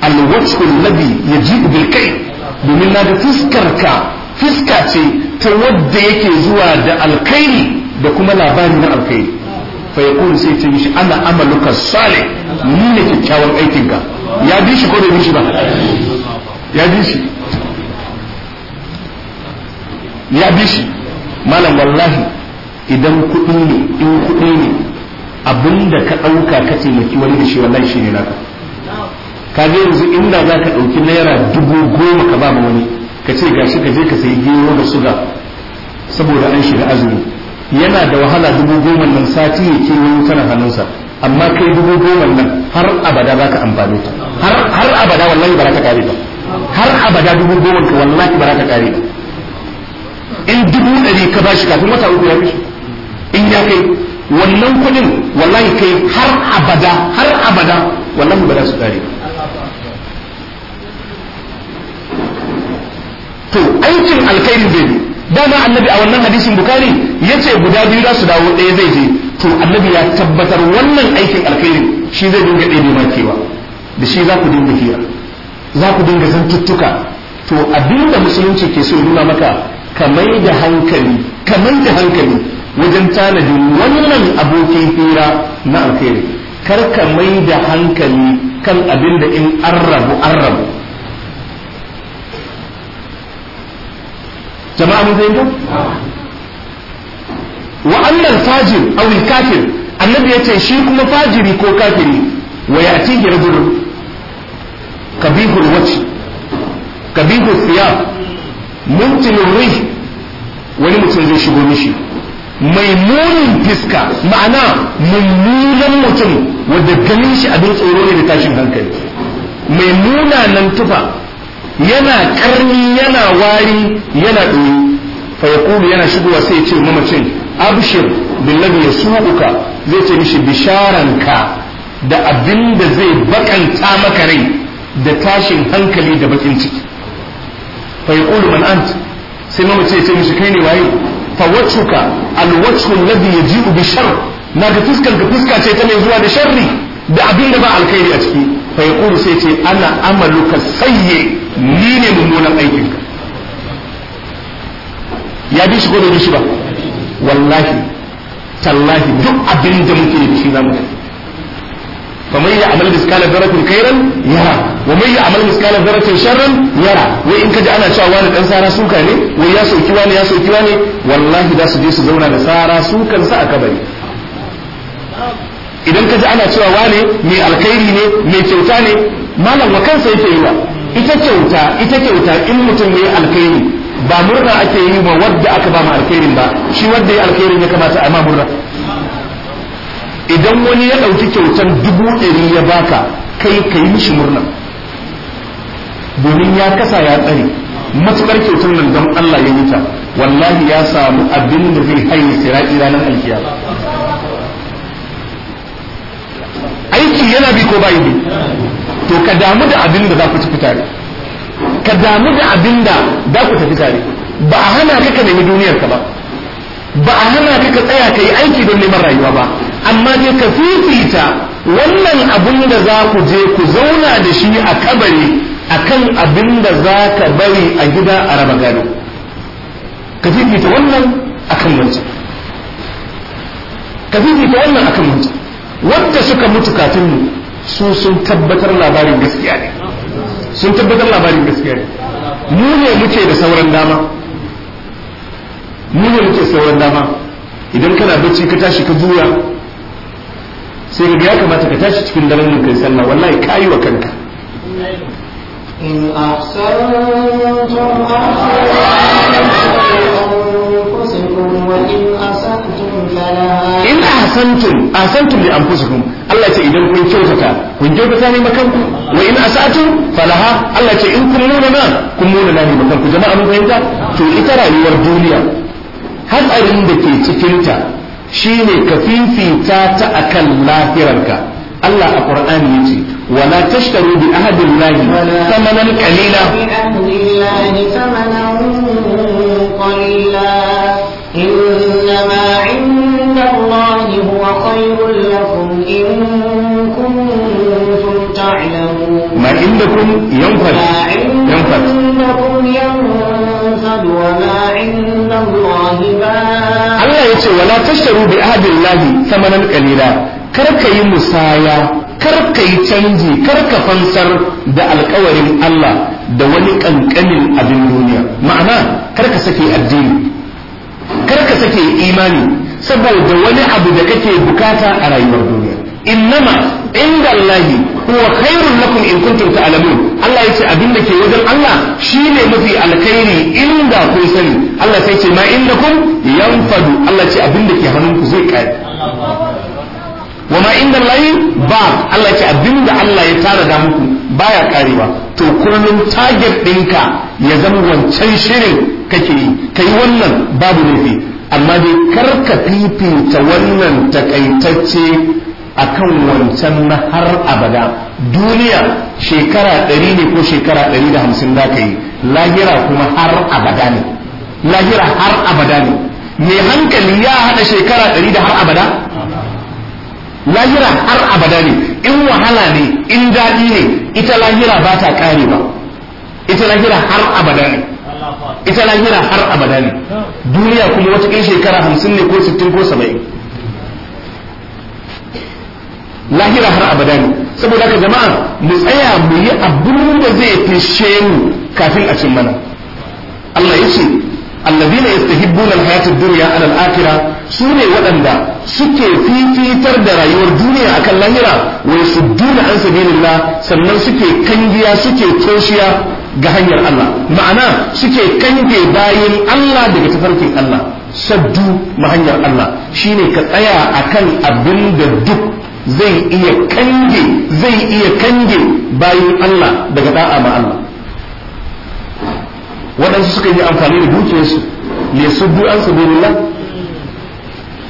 alwajhu alladhi yaji'u bil kayf domin na da fuskarka fuska ce ta wadda yake zuwa da alkhairi da kuma labari na alkhairi fa ya yaqulu sai yi mishi ana amaluka Sale ni ne kyakkyawan aikinka ya bi shi ko bai bi shi ba ya bi shi ya bi shi malam wallahi idan kuɗi ne in kuɗi ne abinda ka ɗauka ka taimaki wani da shi wallahi shi ne naka kaga yanzu inda za ka ɗauki naira dubu goma ka ba wani ka ce shi ka je ka sayi gero da suga saboda an shiga azumi yana da wahala dubu goma nan sati ya ke wani tana hannunsa amma kai dubu goma nan har abada za ka amfani ta har abada wallahi ba za ka kare ba har abada dubu goma ka wallahi ba za ka kare ba in dubu ɗari ka bashi kafin wata uku ya mishi in ya kai wannan kuɗin wallahi kai har abada har abada wallahi ba za su kare ba to aikin alkhairi zai bi dama annabi a wannan hadisin bukari ya ce guda biyu za su dawo ɗaya zai je to annabi ya tabbatar wannan aikin alkhairi shi zai dinga ɗaya ma kewa da shi za ku dinga hira za ku dinga tuttuka to abinda musulunci ke so nuna maka kamar da hankali kamar da hankali wajen tanadin wannan abokin hira na alkhairi kar ka mai da hankali kan abin da in an rabu an jama'a mun fahimta wa annal fajir aw al kafir annabi yace shi kuma fajiri ko kafiri wa yatihi rajul kabihul wajh kabihul thiyab muntilur rih wani mutum zai shigo mishi mai munin fiska ma'ana mummunan mutum wadda ganin shi abin tsoro ne da tashin hankali mai munanan tufa yana karni yana wari yana ɗoyi fa yaqulu yana shigowa sai ya ce mamacin abshir billahi yasuuka zai ce mishi ka da abin da zai bakanta maka rai da tashin hankali da bakin ciki fa ya man ant sai mamacin ya ce mishi kai ne waye fa wajhuka alwajhu alladhi bi bishar na ga fuskar ka fuska ce ta mai zuwa da sharri da abin da ba alkhairi a ciki fa sai ce ana amaluka sayye ni ne mummunan aikinka. ya bi shi ko shi ba wallahi tallahi duk abin da muke da shi zamu tafi فمن يعمل مثقال ذرة خيرا يرى ومن يعمل مثقال ذرة شرا يرى وإن كجا أنا شاء wani دان sara سوكا ne wai ya sauki wani ya sauki wani wallahi za su je su zauna da sara sukan sa a kabari idan ka ji ana cewa wane mai alkhairi ne mai kyauta ne malam wa kansa yake yi wa ita kyauta ita kyauta in mutum ya yi alkhairi ba murna ake yi wa wadda aka ba mu alkhairin ba shi wadda ya alkhairin ya kamata a ma murna idan wani ya ɗauki kyautan dubu ɗari ya baka kai ka yi mishi murna domin ya kasa ya tsare matukar kyautar nan don Allah ya yi ta wallahi ya samu abin da zai haini sirai ranar alkiyama aiki yana bi ko bai bi to ka damu da abin da za ku tafi tare ka damu da abin da za ku tafi tare ba a hana ka nemi duniyar ka ba ba a hana ka ka tsaya ka yi aiki don neman rayuwa ba amma dai ka fifita wannan abin da za ku je ku zauna da shi a kabari akan abin da za ka bari a gida a raba gado ka fifita wannan akan wancan ka fifita wannan akan wancan wanda suka mutu kafin mu su sun tabbatar labarin gaskiya ne sun tabbatar labarin gaskiya ne mu ne muke da sauran dama mu ne muke sauran dama idan kana bacci ka tashi ka juya sai ga ya kamata ka tashi cikin daren nan kai sallah wallahi kai wa kanka in ahsantum ahsantum ahsantum ahsantum li anfusikum Allah ce idan kun kyautata kun kyautata ne makanku wa in asatum falaha Allah ce in kun nuna na kun nuna na ne ku jama'a mun fahimta to ita rayuwar duniya hatsarin da ke cikin ta shine ka fifita ta akan lahirarka Allah a Qur'ani yace ولا تشتروا بأحد الله ثمنا قليلا بأهل الله ثمنا قليلا عندكم ينفد ينفد Allah ya ce wala tashtaru bi lahi samanan qalila kar ka yi musaya kar ka yi canji kar ka fansar da alkawarin Allah da wani kankanin abin duniya ma'ana kar ka sake addini kar ka sake imani saboda wani abu da kake bukata a rayuwar duniya innama inda Allah huwa khairun lakum in kuntum ta'lamun Allah yace abin da ke wajen Allah shine mafi alkhairi inda kun sani Allah sai ce ma innakum yanfadu Allah ce abin ke hannunku zai kai wa ma inda Allah ba Allah ce abin da Allah ya tara da muku to kullum target ɗinka ya zama wancan shirin kake yi wannan babu nufi amma dai ka fifita wannan takaitacce akan wancan na har abada duniya shekara ɗari ne ko shekara ɗari da hamsin za ka yi lahira kuma har abada ne lahira har abada ne mai hankali ya haɗa shekara ɗari da har abada lahira har abada ne in wahala ne in daɗi ne ita lahira ba ta ƙare ba ita lahira har abada ne ita lahira har abada ne duniya kuma wata shekara hamsin ne ko sittin ko saba'in lahira har abada ne saboda ka jama'a mu tsaya mu yi abin da zai fishe mu kafin a cin mana Allah ya ce allazina yastahibbuna alhayata ad-dunya ala al-akhirah su ne waɗanda suke fifitar da rayuwar duniya akan lahira wa yasudduna an sabilillah sannan suke kangiya suke toshiya ga hanyar Allah ma'ana suke kange bayin Allah daga tafarkin Allah saddu ma hanyar Allah shine ka tsaya akan abin da duk zai iya kange zai iya kange bayan Allah daga da'a ma Allah waɗansu suka yi amfani da dukiyarsu ne su bi an sabilillah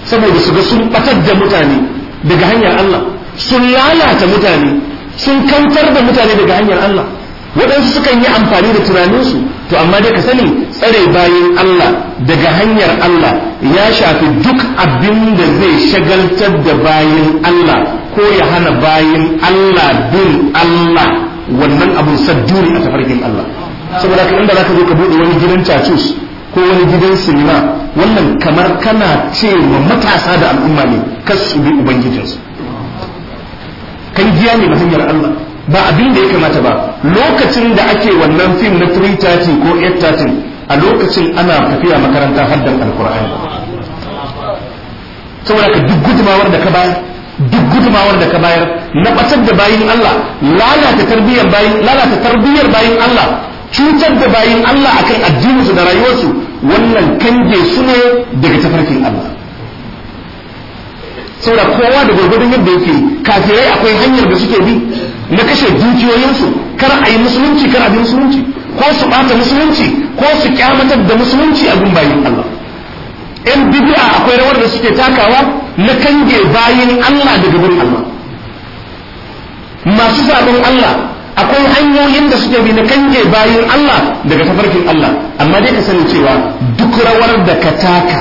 saboda su ga sun batar da mutane daga hanyar Allah sun lalata mutane sun kantar da mutane daga hanyar Allah waɗansu sukan yi amfani da tunaninsu to amma dai ka sani tsare bayan Allah daga hanyar Allah ya shafi duk abin da zai shagaltar da bayan Allah ko ya hana bayan Allah bin Allah wannan abun sadduri a tafarkin Allah saboda ka inda zaka zo ka buɗe wani gidan cacus ko wani gidan sinima wannan kamar kana ce cewa matasa da al'umma ne kasu bi ubangijinsu kan giya ne hanyar Allah ba abin da ya kamata ba lokacin da ake wannan fim na 330 ko 830 a lokacin ana tafiya makaranta haddan alkur'ani saboda ka duk gudumawar da ka bayar duk gudumawar da ka bayar na batar da bayin Allah lalata tarbiyyar bayin lalata tarbiyyar bayin Allah cutar da bayin Allah akan addininsu da rayuwarsu wannan kange su ne daga tafarkin Allah saboda kowa da gurgudun yadda yake kafirai akwai hanyar da suke bi na kashe dukiyoyinsu kar a yi musulunci kar a bi musulunci ko su bata musulunci ko su kyamatar da musulunci a gumbayin Allah yan bibiya akwai rawar da suke takawa na kange bayin Allah daga gurin Allah masu sabon Allah akwai hanyoyin da suke bi na kange bayan Allah daga tafarkin Allah amma dai ka sani cewa duk rawar da ka taka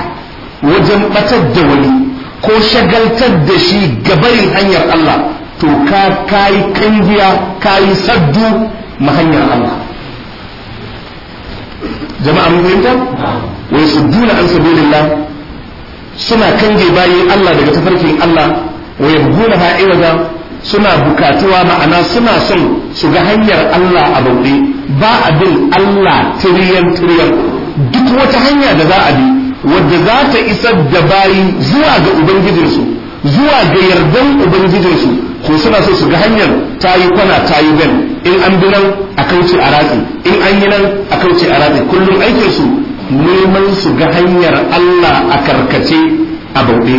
wajen batar da wani ko shagaltar da shi gabarin hanyar Allah to ka kayi kangiya kayi saddu ma hanyar Allah jama'a mun fahimta wa yasudduna an sabilillah suna kange bayi Allah daga tafarkin Allah wa yabguna ha'iwaza suna bukatuwa ma'ana suna son su ga hanyar Allah a bauɗe ba abin Allah tiriyan tiriyan duk wata hanya da za a bi wadda za ta isa da bayi zuwa ga ubangijinsu zuwa ga yardan ubangijinsu ko suna so su ga hanyar ta yi kwana ta yi gan in an bi nan a kauce a ratsi in an yi nan a kauce a ratsi kullum aikinsu neman su ga hanyar Allah a karkace a bauɗe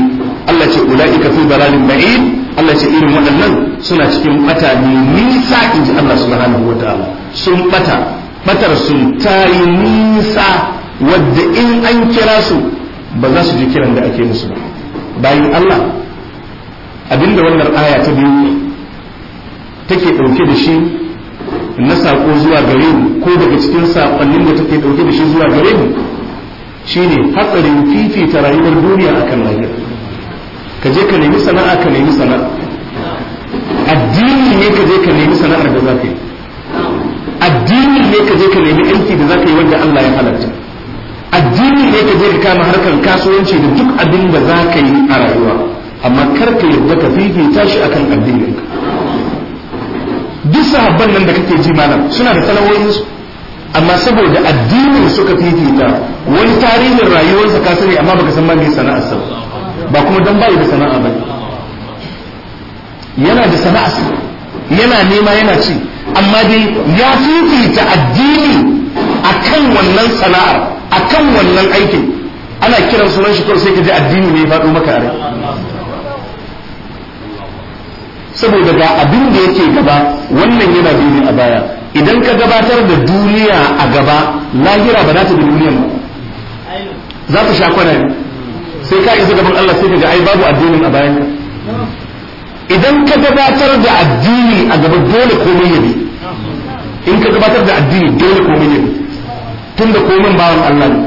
Allah ce ula'ika fi baralin ba'id Allah ce irin waɗannan suna cikin bata ne nisa in ji Allah subhanahu wa ta'ala sun bata batar sun ta yi nisa wadda in an kira su ba za su ji kiran da ake musu ba bayan Allah abinda wannan aya ta biyu take ɗauke da shi na saƙo zuwa gare mu ko daga cikin saƙonnin da take ɗauke da shi zuwa gare mu shine hatsarin fifita rayuwar duniya akan lahira ka je ka nemi sana'a ka nemi sana'a addini ne ka je ka nemi sana'ar da za ka yi addini ne ka je ka nemi aiki da za ka yi wanda Allah ya halatta addini ne ka je ka kama harkar kasuwanci da duk abin da za ka yi a rayuwa amma kar ka yarda ka fifita shi akan addinin ka duk sahabban nan da kake ji malam suna da su amma saboda addinin suka fifita wani tarihin rayuwarsa ka sani amma baka san ma me sana'ar sa ba kuma dan bai da sana'a ba yana da sana'a yana nema yana ci amma dai ya fifita addini akan wannan sana'ar akan wannan aikin ana kiran sunan shi kawai sai ka ji addini ne ya faɗo maka a rai saboda ga abin da yake gaba wannan yana dole a baya idan ka gabatar da duniya a gaba lahira ba za ta da duniyan ba za ta sha kwana ne sai ka isa gaban Allah sai ka ga ai babu addinin a bayan idan ka gabatar da addini a gaba dole komai bi in ka gabatar da addini dole komai bi. tun da komin bawan Allah ne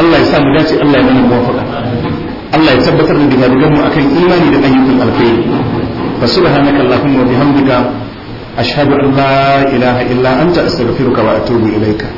Allah ya sa mu dace Allah ya mana muwafaqa Allah ya tabbatar da digadigan mu akan imani da ayyukan alkhairi fa subhanaka allahumma wa bihamdika ashhadu an la ilaha illa anta astaghfiruka wa atubu ilayka